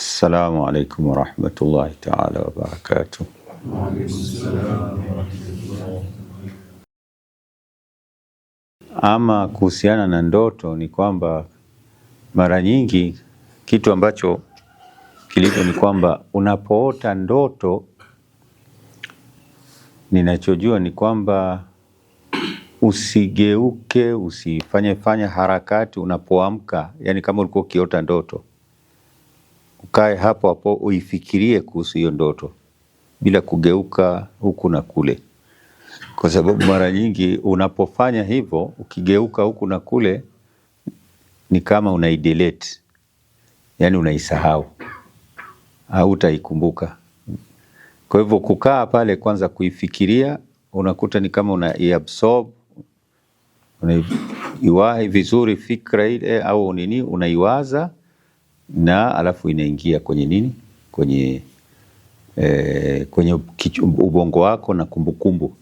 Assalamu alaikum warahmatullahi taala wabarakatuh. Ama kuhusiana na ndoto ni kwamba mara nyingi kitu ambacho kilipo ni kwamba unapoota ndoto, ninachojua ni kwamba usigeuke, usifanye fanya harakati unapoamka, yani kama ulikuwa ukiota ndoto ukae hapo hapo uifikirie kuhusu hiyo ndoto bila kugeuka huku na kule, kwa sababu mara nyingi unapofanya hivyo, ukigeuka huku na kule, ni kama unaidelete, yani unaisahau au utaikumbuka. Kwa hivyo kukaa pale kwanza kuifikiria, unakuta ni kama unaiabsorb, unaiwahi vizuri fikra ile au nini, unaiwaza na alafu inaingia kwenye nini, kwenye e, kwenye ubongo wako na kumbukumbu.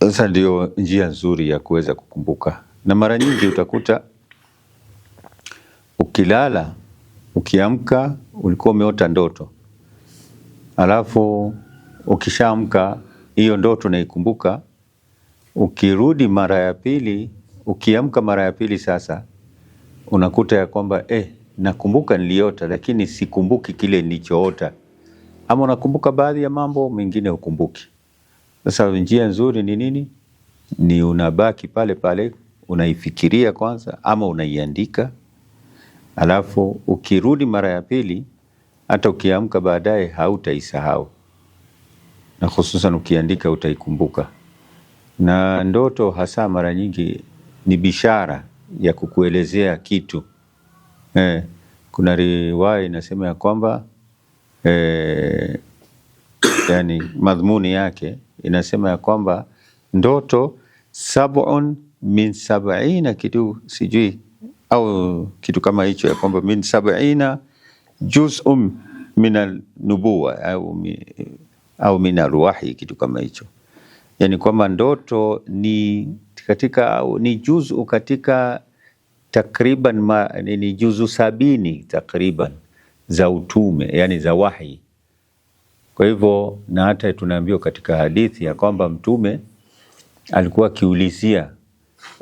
Sasa ndio njia nzuri ya kuweza kukumbuka, na mara nyingi utakuta ukilala, ukiamka ulikuwa umeota ndoto, alafu ukishaamka hiyo ndoto naikumbuka. Ukirudi mara ya pili, ukiamka mara ya pili, sasa unakuta ya kwamba eh, nakumbuka niliota, lakini sikumbuki kile nilichoota, ama unakumbuka baadhi ya mambo, mengine ukumbuki Sasa njia nzuri ni nini? Ni unabaki pale pale, unaifikiria kwanza, ama unaiandika, alafu ukirudi mara ya pili, hata ukiamka baadaye hautaisahau, na hususan ukiandika utaikumbuka. Na ndoto hasa mara nyingi ni bishara ya kukuelezea kitu eh, kuna riwaya inasema ya kwamba eh, yani madhumuni yake inasema ya kwamba ndoto sabun min sabaina kitu sijui au kitu kama hicho, ya kwamba min sabaina juzum min nubuwa au, mi, au min arwahi kitu kama hicho, yani kwamba ndoto ni katika au ni juzu katika takriban ma, ni juzu sabini takriban za utume, yani za wahi. Kwa hivyo na hata tunaambiwa katika hadithi ya kwamba mtume alikuwa akiulizia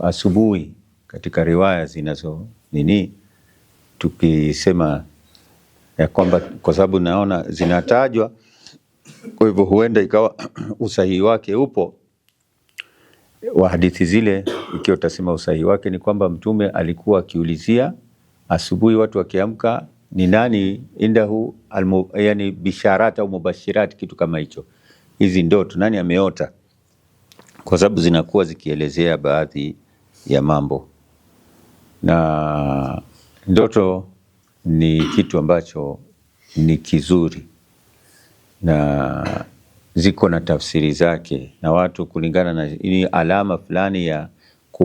asubuhi katika riwaya zinazo nini, tukisema ya kwamba kwa sababu naona zinatajwa, kwa hivyo huenda ikawa usahihi wake upo wa hadithi zile ikiwa utasema usahihi wake ni kwamba Mtume alikuwa akiulizia asubuhi watu wakiamka ni nani indahu almu, yani bisharat au mubashirat, kitu kama hicho, hizi ndoto nani ameota, kwa sababu zinakuwa zikielezea baadhi ya mambo, na ndoto ni kitu ambacho ni kizuri na ziko na tafsiri zake, na watu kulingana na ni alama fulani ya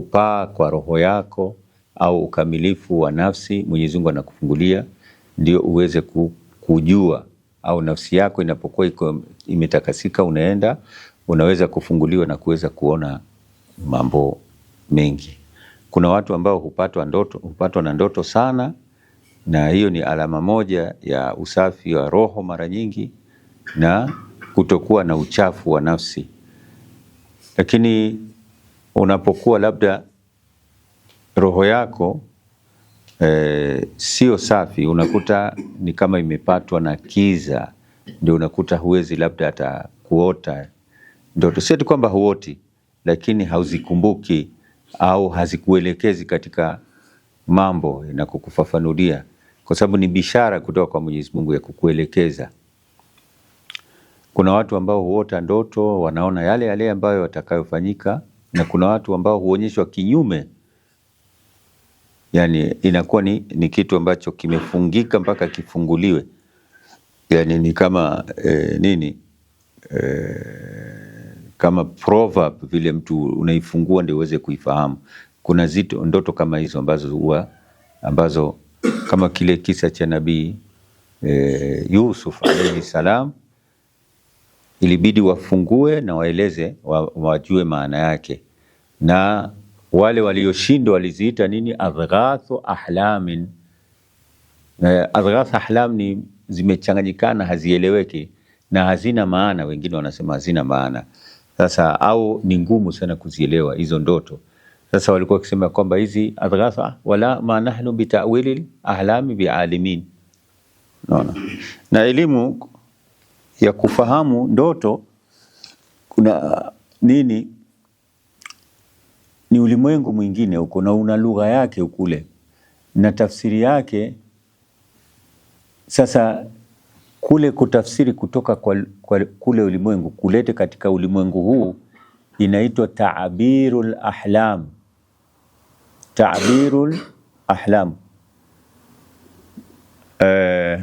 kupaa kwa roho yako au ukamilifu wa nafsi, Mwenyezi Mungu anakufungulia ndio uweze kujua, au nafsi yako inapokuwa iko imetakasika, unaenda unaweza kufunguliwa na kuweza kuona mambo mengi. Kuna watu ambao hupatwa ndoto, hupatwa na ndoto sana, na hiyo ni alama moja ya usafi wa roho mara nyingi na kutokuwa na uchafu wa nafsi, lakini unapokuwa labda roho yako e, sio safi, unakuta ni kama imepatwa na kiza, ndio unakuta huwezi labda hata kuota ndoto, si tu kwamba huoti, lakini hauzikumbuki au hazikuelekezi katika mambo na kukufafanulia, kwa sababu ni bishara kutoka kwa Mwenyezi Mungu ya kukuelekeza. Kuna watu ambao huota ndoto wanaona yale yale ambayo watakayofanyika na kuna watu ambao huonyeshwa kinyume, yani inakuwa ni, ni kitu ambacho kimefungika mpaka kifunguliwe, yani ni kama e, nini e, kama proverb vile, mtu unaifungua ndio uweze kuifahamu. Kuna zito ndoto kama hizo ambazo huwa ambazo kama kile kisa cha nabii e, Yusuf alaihi salam ilibidi wafungue na waeleze wa, wajue maana yake, na wale walioshindwa waliziita nini? Adghathu ahlamin. Eh, adghathu ahlam ni zimechanganyikana, hazieleweki na hazina maana. Wengine wanasema hazina maana sasa, au ni ngumu sana kuzielewa hizo ndoto. Sasa walikuwa wakisema kwamba hizi adghatha wala ma nahnu bitawili ahlami bialimin. Naona na elimu ya kufahamu ndoto kuna nini, ni ulimwengu mwingine huko na una lugha yake ukule na tafsiri yake. Sasa kule kutafsiri kutoka kwa, kwa kule ulimwengu kulete katika ulimwengu huu inaitwa taabirul ahlam, taabirul ahlam eh.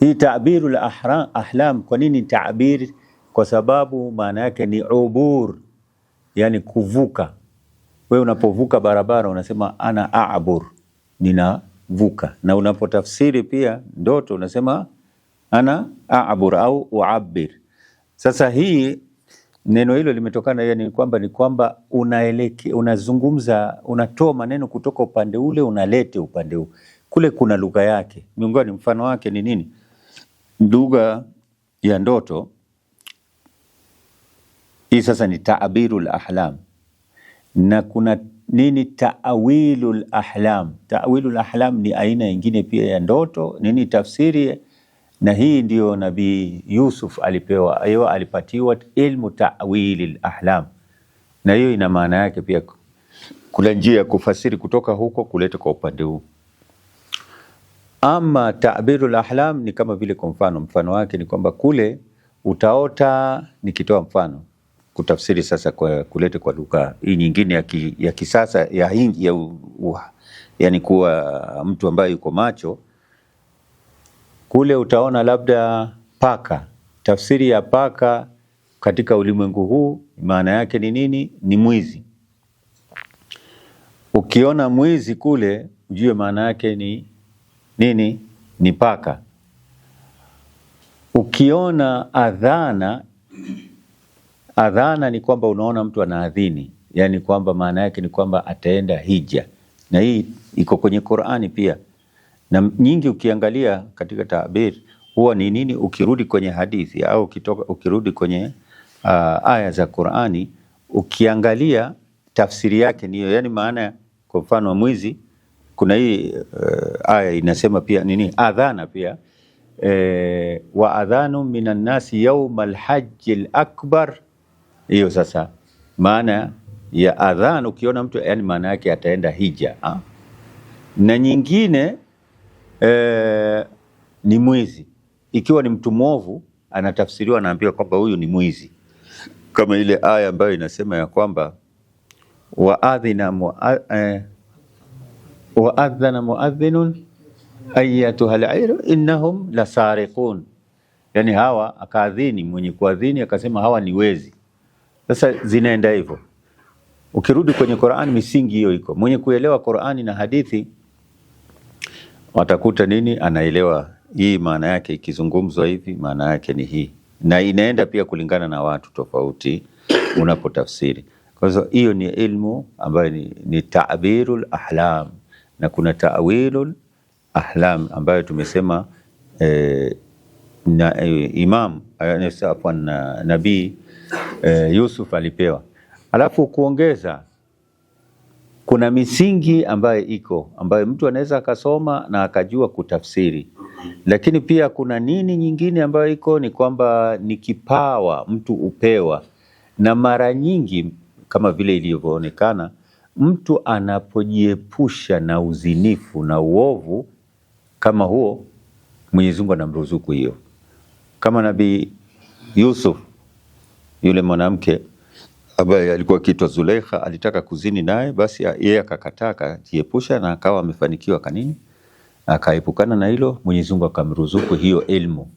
Hii tabiru la ahlam, kwa nini tabir? Kwa sababu maana yake ni ubur, yani kuvuka. Wewe unapovuka barabara unasema ana abur, ninavuka. Na unapotafsiri pia ndoto unasema ana abur au uabir. Sasa hii neno hilo limetokana yani kwamba ni kwamba unaeleke, unazungumza, unatoa maneno kutoka upande ule unalete upande huu. Kule kuna lugha yake, miongoni mfano wake ni nini? lugha ya ndoto hii sasa ni taabirul ahlam, na kuna nini? Taawilul ahlam. Taawilul ahlam ni aina ingine pia ya ndoto, nini tafsiri, na hii ndio Nabii Yusuf alipewa ayo, alipatiwa ilmu taawilil ahlam, na hiyo ina maana yake pia, kuna njia ya kufasiri kutoka huko kuleta kwa upande huu. Ama ta'birul ahlam ni kama vile kwa mfano, mfano wake ni kwamba kule utaota, nikitoa mfano kutafsiri sasa kwa kulete kwa lugha hii nyingine ya, ki, ya kisasa ya, ya uh, yani kuwa mtu ambaye yuko macho kule utaona labda paka. Tafsiri ya paka katika ulimwengu huu maana yake ni nini? Ni mwizi. Ukiona mwizi kule, ujue maana yake ni nini? Ni paka. Ukiona adhana, adhana ni kwamba unaona mtu anaadhini, yaani kwamba maana yake ni kwamba ataenda hija, na hii iko kwenye Qur'ani pia, na nyingi ukiangalia katika tabir huwa ni nini, ukirudi kwenye hadithi au ukitoka, ukirudi kwenye uh, aya za Qur'ani ukiangalia tafsiri yake niyo, yani maana, kwa mfano mwizi kuna hii uh, aya inasema pia nini adhana pia e, wa adhanu minan nasi yauma hajjil alakbar. Hiyo sasa maana ya adhan, ukiona mtu yani maana yake ataenda hija ha? Ah. na nyingine e, ni mwizi. Ikiwa ni mtu mwovu anatafsiriwa, anaambiwa kwamba huyu ni mwizi, kama ile aya ambayo inasema ya kwamba waadhina wa adhana muadhinun ayatuha lairu innahum lasariqun, yani hawa akaadhini, mwenye kuadhini akasema hawa ni wezi. Sasa zinaenda hivyo. Ukirudi kwenye Qur'an, misingi hiyo iko. Mwenye kuelewa Qur'ani na hadithi watakuta nini, anaelewa hii maana yake, ikizungumzwa hivi maana yake ni hii, na inaenda pia kulingana na watu tofauti unapotafsiri. Kwa hiyo hiyo ni ilmu ambayo ni, ni ta'birul ahlam na kuna ta'wilul ahlam ambayo tumesema eh, na, eh, imam eh, na nabii Yusuf alipewa. Alafu kuongeza kuna misingi ambayo iko ambayo mtu anaweza akasoma na akajua kutafsiri, lakini pia kuna nini nyingine ambayo iko ni kwamba ni kipawa mtu upewa, na mara nyingi kama vile ilivyoonekana mtu anapojiepusha na uzinifu na uovu kama huo, Mwenyezi Mungu anamruzuku hiyo, kama Nabii Yusuf yule mwanamke ambaye alikuwa akiitwa zuleikha alitaka kuzini naye, basi yeye akakataa, akajiepusha na akawa amefanikiwa kanini, akaepukana na hilo, Mwenyezi Mungu akamruzuku hiyo elimu.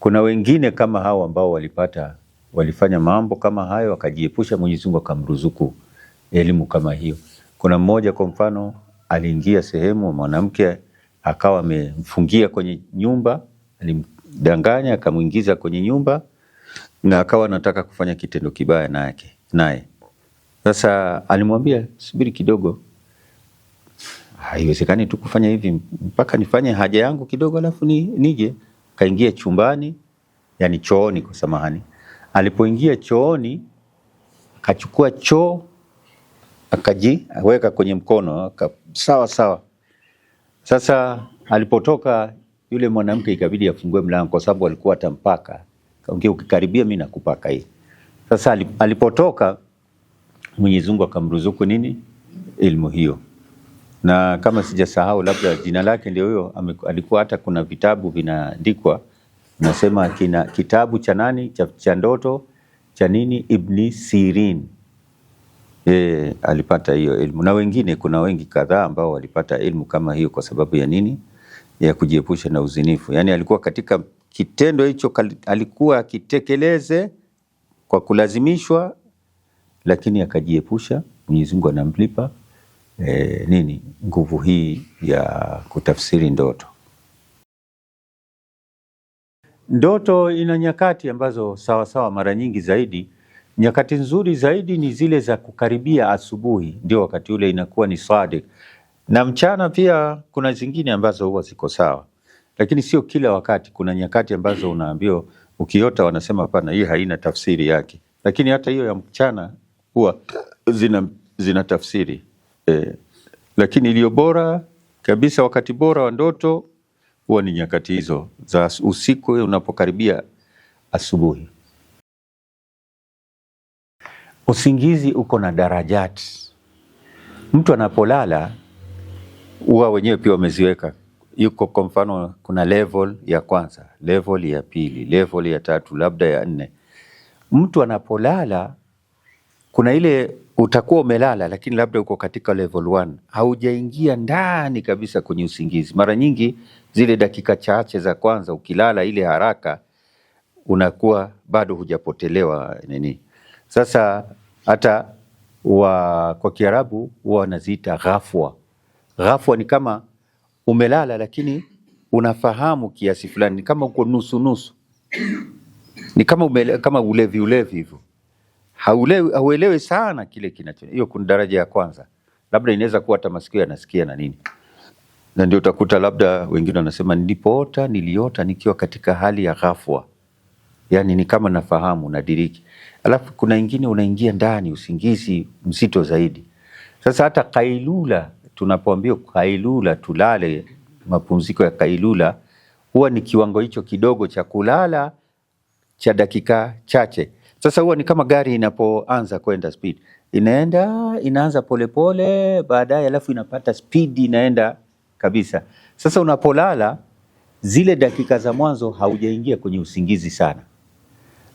Kuna wengine kama hao ambao walipata walifanya mambo kama hayo, akajiepusha, Mwenyezi Mungu akamruzuku elimu kama hiyo. Kuna mmoja kwa mfano aliingia sehemu, mwanamke akawa amemfungia kwenye nyumba, alimdanganya akamwingiza kwenye nyumba na akawa anataka kufanya kitendo kibaya naye naye. Sasa alimwambia subiri kidogo, haiwezekani tu kufanya hivi, mpaka nifanye haja yangu kidogo alafu ni, nije. Kaingia chumbani, yani chooni, kwa samahani. Alipoingia chooni, kachukua choo akajiweka kwenye mkono aka, sawa sawa. Sasa alipotoka yule mwanamke ikabidi afungue mlango kwa sababu alikuwa atampaka, kaongea ukikaribia mimi nakupaka hii. Sasa alipotoka Mwenyezi Mungu akamruzuku nini elimu hiyo, na kama sijasahau, labda jina lake ndio huyo, alikuwa hata kuna vitabu vinaandikwa nasema kina kitabu cha nani cha, cha ndoto cha nini Ibni Sirin yeye alipata hiyo elimu, na wengine, kuna wengi kadhaa ambao walipata elimu kama hiyo. Kwa sababu ya nini? Ya kujiepusha na uzinifu. Yani alikuwa katika kitendo hicho, alikuwa akitekeleze kwa kulazimishwa, lakini akajiepusha. Mwenyezi Mungu anamlipa e, nini nguvu hii ya kutafsiri ndoto. Ndoto ina nyakati ambazo sawasawa, mara nyingi zaidi Nyakati nzuri zaidi ni zile za kukaribia asubuhi, ndio wakati ule inakuwa ni sadik, na mchana pia kuna zingine ambazo huwa ziko sawa, lakini sio kila wakati. Kuna nyakati ambazo unaambiwa ukiota, wanasema hapana, hii haina tafsiri yake, lakini hata hiyo ya mchana huwa zina, zina tafsiri e, lakini iliyo bora kabisa, wakati bora wa ndoto huwa ni nyakati hizo za usiku unapokaribia asubuhi. Usingizi uko na darajati. Mtu anapolala huwa wenyewe pia wameziweka, yuko kwa mfano, kuna level ya kwanza, level ya pili, level ya tatu, labda ya nne. Mtu anapolala kuna ile utakuwa umelala lakini labda uko katika level 1 haujaingia ndani kabisa kwenye usingizi. Mara nyingi zile dakika chache za kwanza ukilala ile haraka, unakuwa bado hujapotelewa nini sasa hata wa, kwa Kiarabu huwa wanaziita ghafwa. Ghafwa ni kama umelala lakini unafahamu kiasi fulani, ni kama uko nusu nusu, ni kama umele, kama ulevi ulevi hivyo, hauelewi sana kile kinacho. Hiyo kuna daraja ya kwanza, labda inaweza kuwa hata masikio yanasikia na nini, na ndio utakuta labda wengine wanasema nilipoota niliota nikiwa katika hali ya ghafwa yani ni kama nafahamu nadiriki. Alafu kuna ingine unaingia ndani usingizi mzito zaidi. Sasa hata kailula, tunapoambia kailula tulale, mapumziko ya kailula huwa ni kiwango hicho kidogo cha kulala cha dakika chache. Sasa huwa ni kama gari inapoanza kwenda speed, inaenda inaanza polepole, baadaye alafu inapata speed inaenda kabisa. Sasa unapolala zile dakika za mwanzo haujaingia kwenye usingizi sana.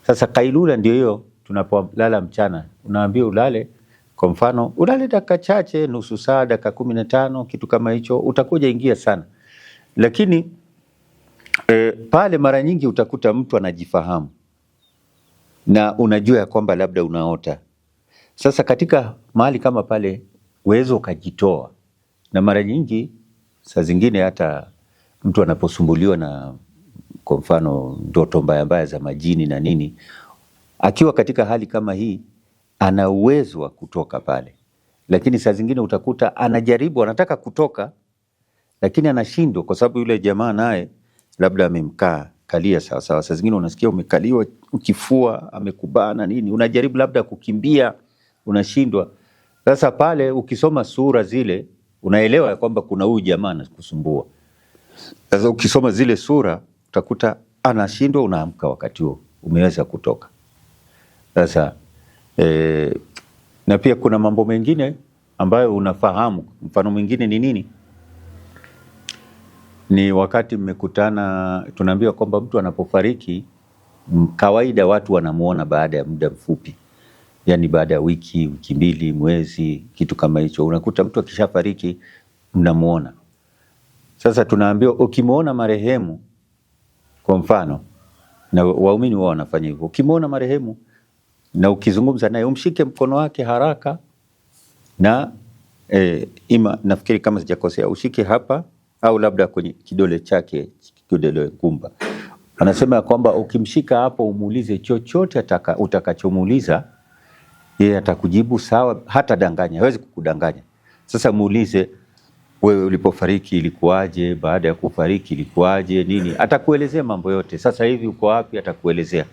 Sasa kailula ndio hiyo, tunapolala mchana unaambiwa ulale, kwa mfano ulale dakika chache, nusu saa, dakika kumi na tano, kitu kama hicho, utakuja ingia sana. Lakini e, pale mara nyingi utakuta mtu anajifahamu na unajua ya kwamba labda unaota. Sasa katika mahali kama pale uwezo ukajitoa, na mara nyingi saa zingine hata mtu anaposumbuliwa na kwa mfano ndoto mbaya mbaya za majini na nini. Akiwa katika hali kama hii, ana uwezo wa kutoka pale, lakini saa zingine utakuta anajaribu, anataka kutoka, lakini anashindwa kwa sababu yule jamaa naye labda amemkaa kalia sawasawa. Saa zingine unasikia umekaliwa ukifua, amekubana nini, unajaribu labda kukimbia, unashindwa. Sasa pale ukisoma sura zile unaelewa ya kwamba kuna huyu jamaa anakusumbua. Sasa ukisoma zile sura utakuta anashindwa, unaamka wakati huo umeweza kutoka. Sasa e, na pia kuna mambo mengine ambayo unafahamu. Mfano mwingine ni nini? Ni wakati mmekutana, tunaambiwa kwamba mtu anapofariki kawaida watu wanamuona baada ya muda mfupi, yani baada ya wiki, wiki mbili, mwezi, kitu kama hicho. Unakuta mtu akishafariki mnamuona. Sasa tunaambiwa ukimuona marehemu kwa mfano, na waumini wao wanafanya hivyo. Ukimwona marehemu na ukizungumza naye, umshike mkono wake haraka na e, ima nafikiri kama sijakosea, ushike hapa au labda kwenye kidole chake, kidole gumba. Anasema kwamba ukimshika hapo, umuulize chochote utakachomuuliza, yeye atakujibu sawa, hata danganya, hawezi kukudanganya. Sasa muulize wewe ulipofariki ilikuwaje, baada ya kufariki ilikuwaje, nini, atakuelezea mambo yote. Sasa hivi uko wapi, atakuelezea,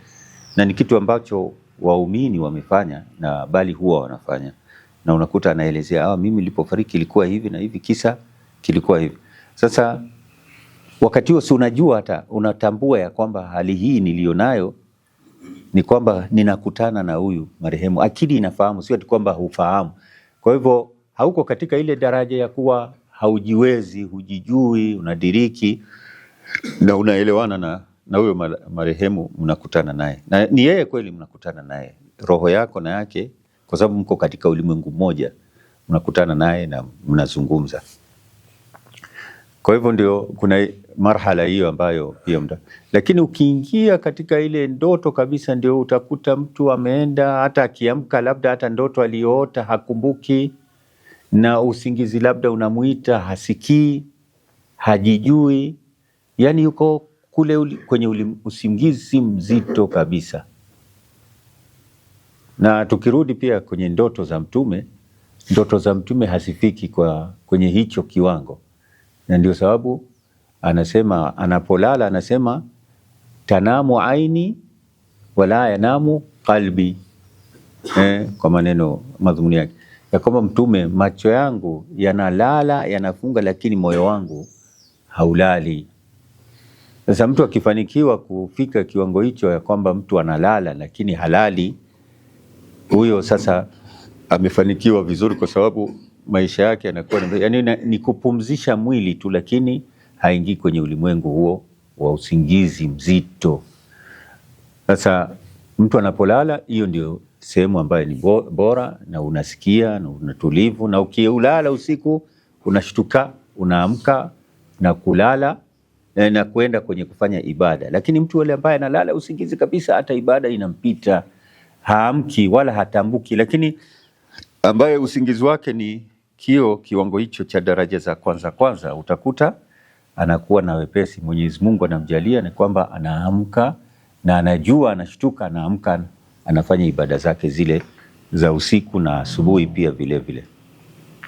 na ni kitu ambacho waumini wamefanya na bali huwa wanafanya, na unakuta anaelezea, ah, mimi nilipofariki ilikuwa hivi na hivi, kisa kilikuwa hivi. Sasa wakati huo si unajua, hata unatambua ya kwamba hali hii nilionayo ni kwamba ninakutana na huyu marehemu. Akili inafahamu, sio kwamba hufahamu. Kwa hivyo hauko katika ile daraja ya kuwa haujiwezi, hujijui, unadiriki na unaelewana na na huyo marehemu, mnakutana naye na ni yeye kweli, mnakutana naye roho yako na yake, kwa sababu mko katika ulimwengu mmoja, mnakutana naye na mnazungumza. Kwa hivyo ndio kuna marhala hiyo ambayo pia mda, lakini ukiingia katika ile ndoto kabisa, ndio utakuta mtu ameenda, hata akiamka, labda hata ndoto aliyoota hakumbuki na usingizi labda unamuita hasikii, hajijui, yani yuko kule uli, kwenye uli, usingizi mzito kabisa. Na tukirudi pia kwenye ndoto za Mtume, ndoto za Mtume hasifiki kwa kwenye hicho kiwango, na ndio sababu anasema anapolala, anasema tanamu aini wala yanamu qalbi eh, kwa maneno madhumuni yake ya kwamba Mtume, macho yangu yanalala yanafunga, lakini moyo wangu haulali. Sasa mtu akifanikiwa kufika kiwango hicho, ya kwamba mtu analala lakini halali, huyo sasa amefanikiwa vizuri, kwa sababu maisha yake yanakuwa yani ni kupumzisha mwili tu, lakini haingii kwenye ulimwengu huo wa usingizi mzito. Sasa mtu anapolala, hiyo ndio sehemu ambayo ni bora na unasikia na unatulivu, na ukiulala usiku unashtuka unaamka na kulala e, na kwenda kwenye kufanya ibada. Lakini mtu yule ambaye analala usingizi kabisa, hata ibada inampita, haamki wala hatambuki. Lakini ambaye usingizi wake ni kio kiwango hicho cha daraja za kwanza kwanza, utakuta anakuwa na wepesi. Mwenyezi Mungu anamjalia ni kwamba anaamka na anajua, anashtuka, anaamka anafanya ibada zake zile za usiku na asubuhi pia vilevile vile.